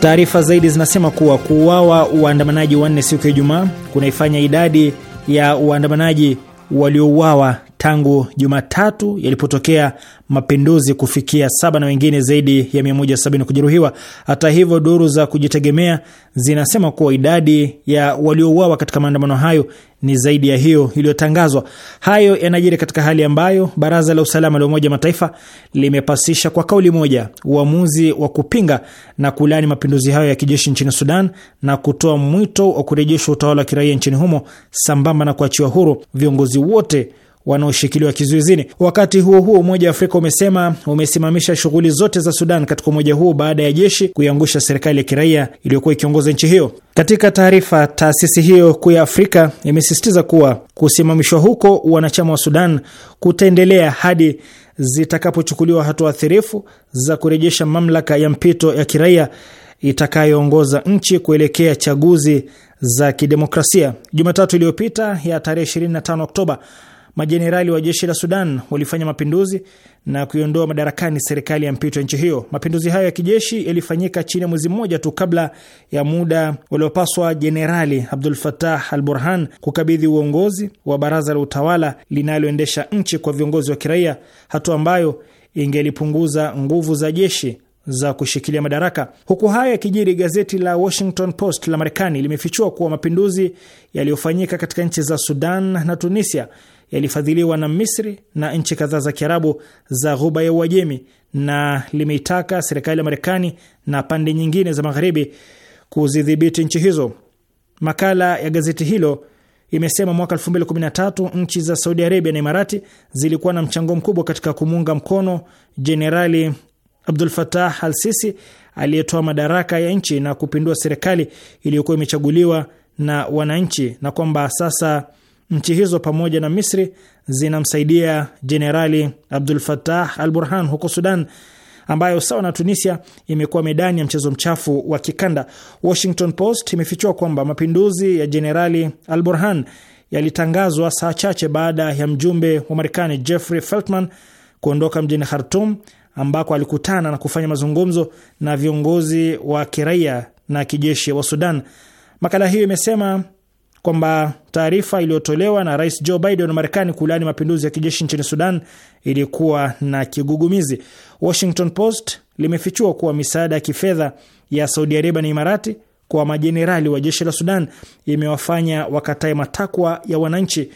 [SPEAKER 1] Taarifa zaidi zinasema kuwa kuuawa waandamanaji wanne siku ya Ijumaa kunaifanya idadi ya waandamanaji waliouawa tangu Jumatatu yalipotokea mapinduzi kufikia saba na wengine zaidi ya 170 kujeruhiwa. Hata hivyo, duru za kujitegemea zinasema kuwa idadi ya waliouawa katika maandamano hayo ni zaidi ya hiyo iliyotangazwa. Hayo yanajiri katika hali ambayo Baraza la Usalama la Umoja Mataifa limepasisha kwa kauli moja uamuzi wa kupinga na kulani mapinduzi hayo ya kijeshi nchini Sudan na kutoa mwito wa kurejeshwa utawala wa kiraia nchini humo sambamba na kuachiwa huru viongozi wote wanaoshikiliwa kizuizini. Wakati huo huo, Umoja wa Afrika umesema umesimamisha shughuli zote za Sudan katika umoja huo baada ya jeshi kuiangusha serikali ya kiraia iliyokuwa ikiongoza nchi hiyo. Katika taarifa, taasisi hiyo kuu ya Afrika imesisitiza kuwa kusimamishwa huko wanachama wa Sudan kutaendelea hadi zitakapochukuliwa hatua athirifu za kurejesha mamlaka ya mpito ya kiraia itakayoongoza nchi kuelekea chaguzi za kidemokrasia. Jumatatu iliyopita ya tarehe 25 Oktoba, majenerali wa jeshi la Sudan walifanya mapinduzi na kuiondoa madarakani serikali ya mpito ya nchi hiyo. Mapinduzi hayo ya kijeshi yalifanyika chini ya mwezi mmoja tu kabla ya muda uliopaswa Jenerali Abdul fatah al Burhan kukabidhi uongozi wa baraza la utawala linaloendesha nchi kwa viongozi wa kiraia, hatua ambayo ingelipunguza nguvu za jeshi za kushikilia madaraka. Huku haya yakijiri, gazeti la Washington Post la Marekani limefichua kuwa mapinduzi yaliyofanyika katika nchi za Sudan na Tunisia yalifadhiliwa na Misri na nchi kadhaa za Kiarabu za Ghuba ya Uajemi na limeitaka serikali ya Marekani na pande nyingine za Magharibi kuzidhibiti nchi hizo. Makala ya gazeti hilo imesema mwaka 2013 nchi za Saudi Arabia na Imarati zilikuwa na mchango mkubwa katika kumuunga mkono Jenerali Abdul Fatah al-Sisi aliyetoa madaraka ya nchi na kupindua serikali iliyokuwa imechaguliwa na wananchi na kwamba sasa Nchi hizo pamoja na Misri zinamsaidia Jenerali Abdul Fatah al Burhan huko Sudan, ambayo sawa na Tunisia imekuwa medani ya mchezo mchafu wa kikanda. Washington Post imefichua kwamba mapinduzi ya Jenerali al Burhan yalitangazwa saa chache baada ya mjumbe wa Marekani Jeffrey Feltman kuondoka mjini Khartum ambako alikutana na kufanya mazungumzo na viongozi wa kiraia na kijeshi wa Sudan. Makala hiyo imesema kwamba taarifa iliyotolewa na Rais Joe Biden wa Marekani kulaani mapinduzi ya kijeshi nchini Sudan ilikuwa na kigugumizi. Washington Post limefichua kuwa misaada ya kifedha ya Saudi Arabia na Imarati kwa majenerali wa jeshi la Sudan imewafanya wakatae matakwa ya wananchi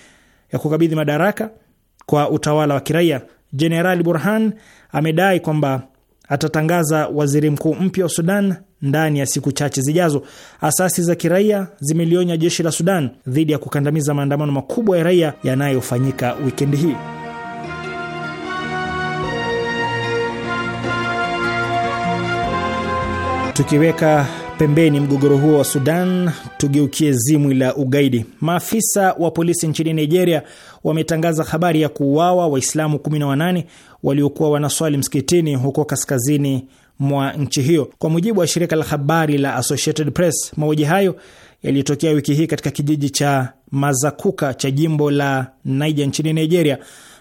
[SPEAKER 1] ya kukabidhi madaraka kwa utawala wa kiraia. Jenerali Burhan amedai kwamba atatangaza waziri mkuu mpya wa Sudan ndani ya siku chache zijazo. Asasi za kiraia zimelionya jeshi la Sudan dhidi ya kukandamiza maandamano makubwa ya raia yanayofanyika wikendi hii. Tukiweka pembeni mgogoro huo wa Sudan, tugeukie zimwi la ugaidi. Maafisa wa polisi nchini Nigeria wametangaza habari ya kuuawa Waislamu 18 waliokuwa wanaswali msikitini huko kaskazini mwa nchi hiyo. Kwa mujibu wa shirika la habari la Associated Press, mauaji hayo yaliyotokea wiki hii katika kijiji cha Mazakuka cha jimbo la Niger nchini Nigeria.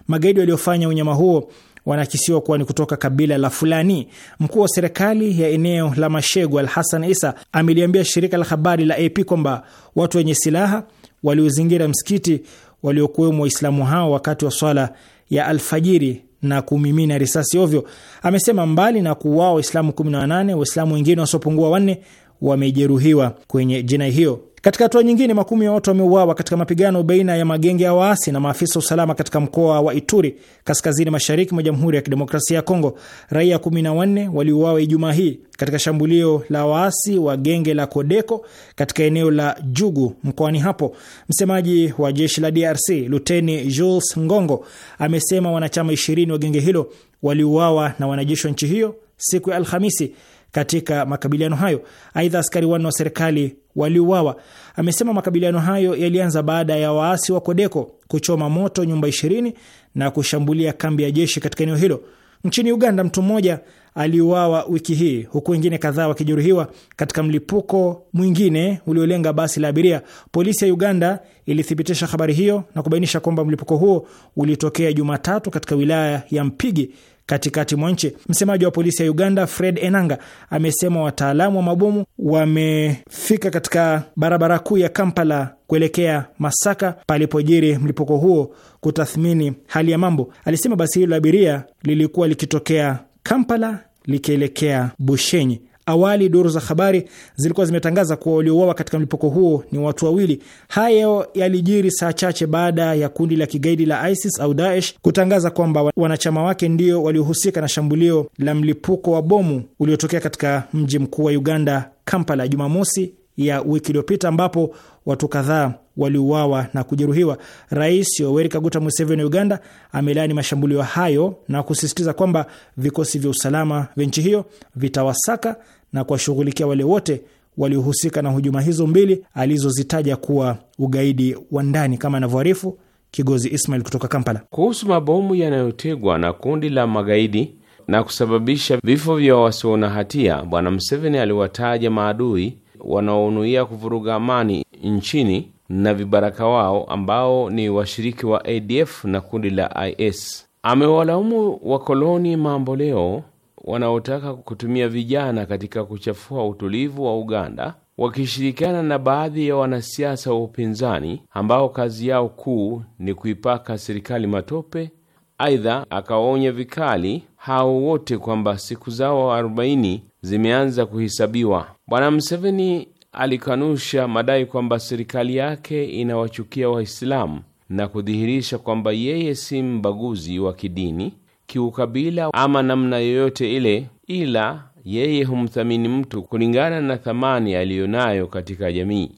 [SPEAKER 1] Magaidi waliofanya unyama huo wanakisiwa kuwa ni kutoka kabila la Fulani. Mkuu wa serikali ya eneo la Mashegu Al Hassan Isa ameliambia shirika la habari la AP kwamba watu wenye silaha waliozingira msikiti waliokuwemo Waislamu hao wakati wa swala ya alfajiri na kumimina risasi ovyo. Amesema mbali na kuuawa Waislamu 18 Waislamu wengine wasiopungua wanne wamejeruhiwa kwenye jinai hiyo. Katika hatua nyingine, makumi ya watu wameuawa katika mapigano baina ya magenge ya waasi na maafisa wa usalama katika mkoa wa Ituri, kaskazini mashariki mwa Jamhuri ya Kidemokrasia ya Kongo. Raia 14 waliuawa Ijumaa hii katika shambulio la waasi wa genge la Kodeko katika eneo la Jugu mkoani hapo. Msemaji wa jeshi la DRC Luteni Jules Ngongo amesema wanachama 20 wa genge hilo waliuawa na wanajeshi wa nchi hiyo siku ya Alhamisi katika makabiliano hayo. Aidha, askari wanne wa serikali waliuawa. Amesema makabiliano hayo yalianza baada ya waasi wa Kodeko kuchoma moto nyumba ishirini na kushambulia kambi ya jeshi katika eneo hilo. Nchini Uganda, mtu mmoja aliuawa wiki hii huku wengine kadhaa wakijeruhiwa katika mlipuko mwingine uliolenga basi la abiria. Polisi ya Uganda ilithibitisha habari hiyo na kubainisha kwamba mlipuko huo ulitokea Jumatatu katika wilaya ya Mpigi katikati mwa nchi. Msemaji wa polisi ya Uganda Fred Enanga amesema wataalamu wa mabomu wamefika katika barabara kuu ya Kampala kuelekea Masaka palipojiri mlipuko huo kutathmini hali ya mambo. Alisema basi hilo la abiria lilikuwa likitokea Kampala likielekea Bushenyi. Awali duru za habari zilikuwa zimetangaza kuwa waliouawa katika mlipuko huo ni watu wawili. Hayo yalijiri saa chache baada ya kundi la kigaidi la ISIS au Daesh kutangaza kwamba wanachama wake ndio waliohusika na shambulio la mlipuko wa bomu uliotokea katika mji mkuu wa Uganda, Kampala, Jumamosi ya wiki iliyopita ambapo watu kadhaa waliuawa na kujeruhiwa. Rais Yoweri Kaguta Museveni wa Uganda amelaani mashambulio hayo na kusisitiza kwamba vikosi vya usalama vya nchi hiyo vitawasaka na kuwashughulikia wale wote waliohusika na hujuma hizo mbili alizozitaja kuwa ugaidi wa ndani, kama anavyoarifu Kigozi Ismail kutoka Kampala kuhusu
[SPEAKER 4] mabomu yanayotegwa na kundi la magaidi na kusababisha vifo vya wasio na hatia. Bwana Museveni aliwataja maadui wanaonuia kuvuruga amani nchini na vibaraka wao ambao ni washiriki wa ADF na kundi la IS. Amewalaumu wakoloni leo wanaotaka kutumia vijana katika kuchafua utulivu wa Uganda wakishirikiana na baadhi ya wanasiasa wa upinzani ambao kazi yao kuu ni kuipaka serikali matope. Aidha, akawaonya vikali hao wote kwamba siku zao 40 zimeanza kuhesabiwa. Bwana mseveni alikanusha madai kwamba serikali yake inawachukia Waislamu na kudhihirisha kwamba yeye si mbaguzi wa kidini, kiukabila ama namna yoyote ile, ila yeye humthamini mtu kulingana na thamani aliyonayo katika jamii.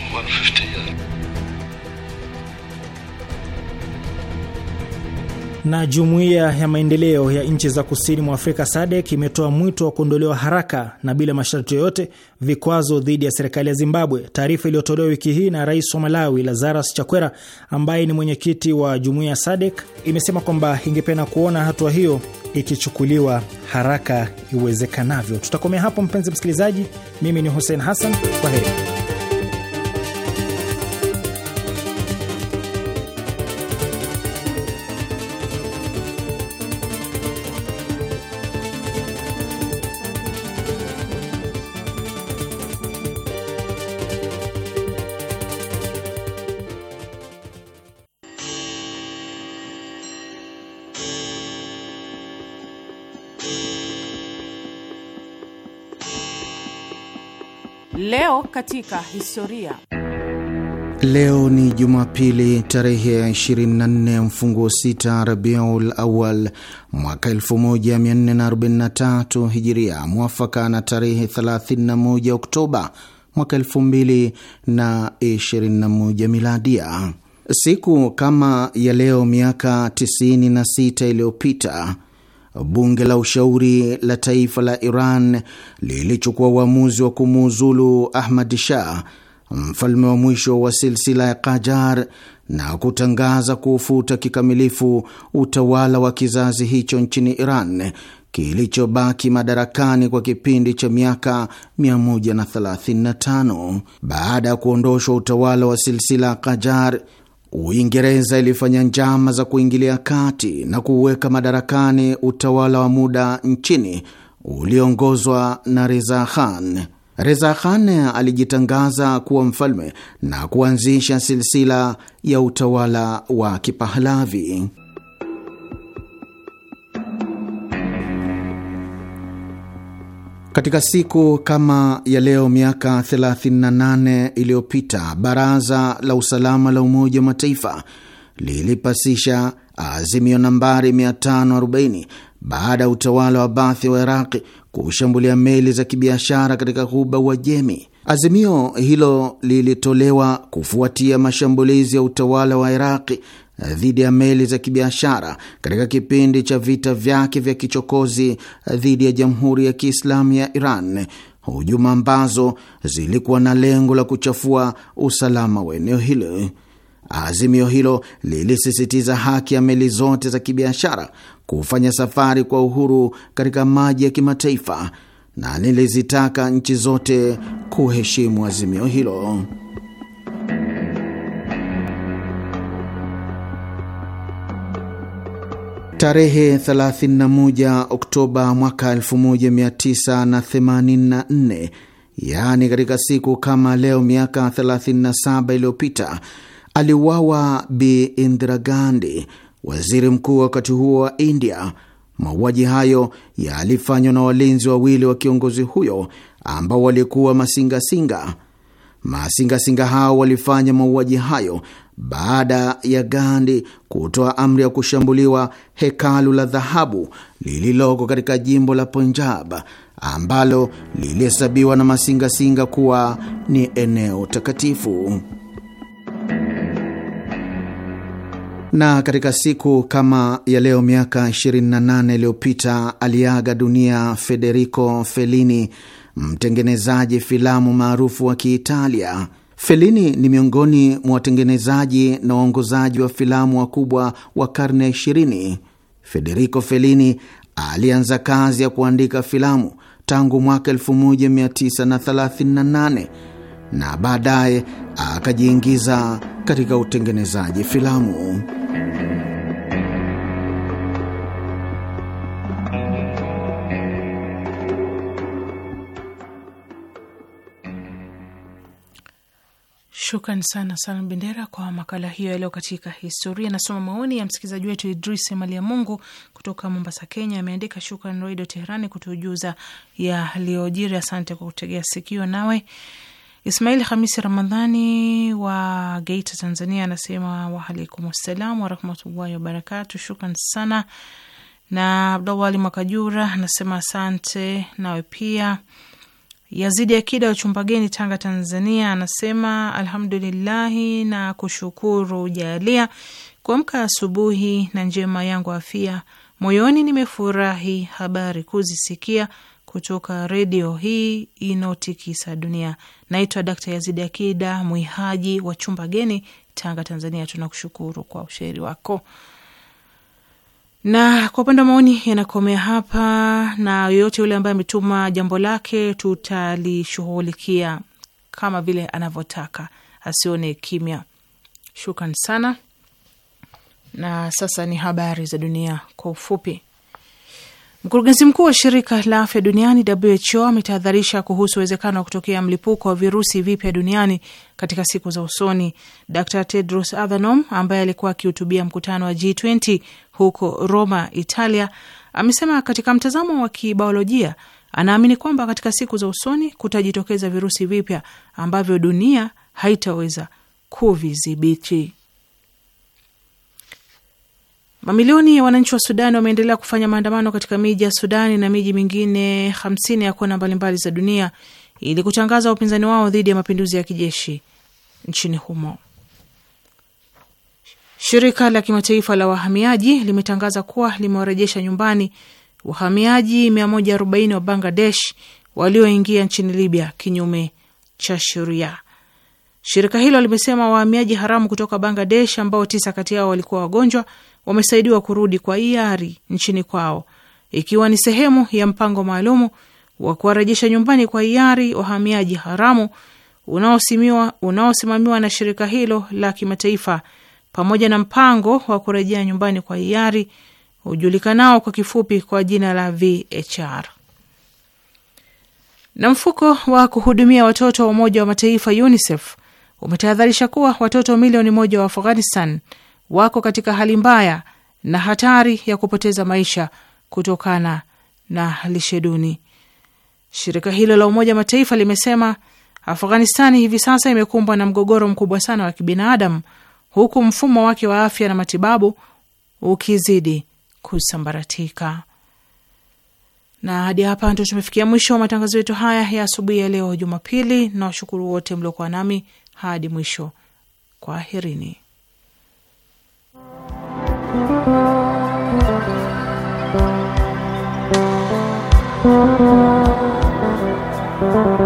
[SPEAKER 6] The
[SPEAKER 1] Na jumuiya ya maendeleo ya nchi za kusini mwa Afrika SADC imetoa mwito wa kuondolewa haraka na bila masharti yoyote vikwazo dhidi ya serikali ya Zimbabwe. Taarifa iliyotolewa wiki hii na rais wa Malawi Lazarus Chakwera, ambaye ni mwenyekiti wa jumuiya ya SADC, imesema kwamba ingependa kuona hatua hiyo ikichukuliwa haraka iwezekanavyo. Tutakomea hapo mpenzi msikilizaji, mimi ni Hussein Hassan, kwa heri.
[SPEAKER 3] Leo katika historia.
[SPEAKER 5] Leo ni Jumapili tarehe ya 24 mfunguo sita Rabiul Awal mwaka 1443 Hijiria, mwafaka na tarehe 31 Oktoba mwaka 2021 Miladia. Siku kama ya leo miaka 96 iliyopita bunge la ushauri la taifa la Iran lilichukua uamuzi wa kumuuzulu Ahmad Shah, mfalme wa mwisho wa silsila ya Kajar, na kutangaza kuufuta kikamilifu utawala wa kizazi hicho nchini Iran kilichobaki madarakani kwa kipindi cha miaka 135. Baada ya kuondoshwa utawala wa silsila kajar Uingereza ilifanya njama za kuingilia kati na kuweka madarakani utawala wa muda nchini uliongozwa na Reza Khan. Reza Khan alijitangaza kuwa mfalme na kuanzisha silsila ya utawala wa Kipahlavi. Katika siku kama ya leo miaka 38 iliyopita Baraza la Usalama la Umoja wa Mataifa lilipasisha azimio nambari 540 baada ya utawala wa Baathi wa Iraqi kushambulia meli za kibiashara katika ghuba Uajemi. Azimio hilo lilitolewa kufuatia mashambulizi ya utawala wa Iraqi Eh, dhidi ya meli za kibiashara katika kipindi cha vita vyake vya kichokozi eh, dhidi ya Jamhuri ya Kiislamu ya Iran, hujuma ambazo zilikuwa na lengo la kuchafua usalama wa eneo hilo. Azimio hilo lilisisitiza haki ya meli zote za kibiashara kufanya safari kwa uhuru katika maji ya kimataifa na lilizitaka nchi zote kuheshimu azimio hilo. Tarehe 31 Oktoba mwaka 1984, yaani katika siku kama leo miaka 37 iliyopita, aliuawa Bi Indira Gandhi, waziri mkuu wakati huo wa India. Mauaji hayo yalifanywa na walinzi wawili wa kiongozi huyo ambao walikuwa masingasinga. Masingasinga hao walifanya mauaji hayo baada ya Gandhi kutoa amri ya kushambuliwa hekalu la dhahabu lililoko katika jimbo la Punjab ambalo lilihesabiwa na masingasinga kuwa ni eneo takatifu. Na katika siku kama ya leo miaka 28 iliyopita aliaga dunia Federico Fellini, mtengenezaji filamu maarufu wa Kiitalia. Fellini ni miongoni mwa watengenezaji na waongozaji wa filamu wakubwa wa karne ya ishirini. Federico Fellini alianza kazi ya kuandika filamu tangu mwaka 1938 na baadaye akajiingiza katika utengenezaji filamu.
[SPEAKER 3] Shukran sana Salam Bendera kwa makala hiyo yaliyo katika historia. Nasoma maoni ya msikilizaji wetu Idris ya Mungu kutoka Mombasa, Kenya. Ameandika, shukran Redio Teherani kutujuza yaliyojiri. Asante kwa kutegea sikio. Nawe Ismail Hamisi Ramadhani wa Geita, Tanzania, anasema waalaikum salam warahmatullahi wabarakatu. Shukran sana. Na Abdallah Ali Mwakajura anasema asante. Nawe pia Yazidi Akida wa Chumbageni, Tanga, Tanzania, anasema alhamdulillahi na kushukuru jaalia kuamka asubuhi na njema yangu afia, moyoni nimefurahi habari kuzisikia kutoka redio hii inaotikisa dunia. Naitwa Dakta Yazidi Akida mwihaji wa Chumbageni, Tanga, Tanzania. Tunakushukuru kwa ushairi wako na kwa upande wa maoni yanakomea hapa, na yoyote yule ambaye ametuma jambo lake tutalishughulikia kama vile anavyotaka, asione kimya. Shukran sana. Na sasa ni habari za dunia kwa ufupi. Mkurugenzi mkuu wa shirika la afya duniani WHO ametahadharisha kuhusu uwezekano wa kutokea mlipuko wa virusi vipya duniani katika siku za usoni. Dr Tedros Adhanom ambaye alikuwa akihutubia mkutano wa G20 huko Roma, Italia, amesema katika mtazamo wa kibiolojia anaamini kwamba katika siku za usoni kutajitokeza virusi vipya ambavyo dunia haitaweza kuvidhibiti. Mamilioni ya wananchi wa Sudani wameendelea kufanya maandamano katika miji ya Sudani na miji mingine hamsini ya kona mbalimbali za dunia ili kutangaza upinzani wao dhidi ya mapinduzi ya kijeshi nchini humo. Shirika la kimataifa la wahamiaji limetangaza kuwa limewarejesha nyumbani wahamiaji 140 wa Bangladesh walioingia nchini Libya kinyume cha sheria. Shirika hilo limesema wahamiaji haramu kutoka Bangladesh ambao tisa kati yao walikuwa wagonjwa wamesaidiwa kurudi kwa hiari nchini kwao, ikiwa ni sehemu ya mpango maalumu wa kuwarejesha nyumbani kwa hiari wahamiaji haramu unaosimamiwa na shirika hilo la kimataifa pamoja na mpango wa kurejea nyumbani kwa hiari ujulikanao kwa kifupi kwa jina la VHR. Na mfuko wa kuhudumia watoto wa Umoja wa Mataifa UNICEF umetahadharisha kuwa watoto milioni moja wa Afghanistan wako katika hali mbaya na hatari ya kupoteza maisha kutokana na lishe duni. Shirika hilo la Umoja Mataifa limesema Afghanistani hivi sasa imekumbwa na mgogoro mkubwa sana wa kibinadamu, huku mfumo wake wa afya na matibabu ukizidi kusambaratika. Na hadi hapa ndio tumefikia mwisho wa matangazo yetu haya ya asubuhi ya leo Jumapili, na washukuru wote mliokuwa nami hadi mwisho. Kwaherini.
[SPEAKER 6] Thank you.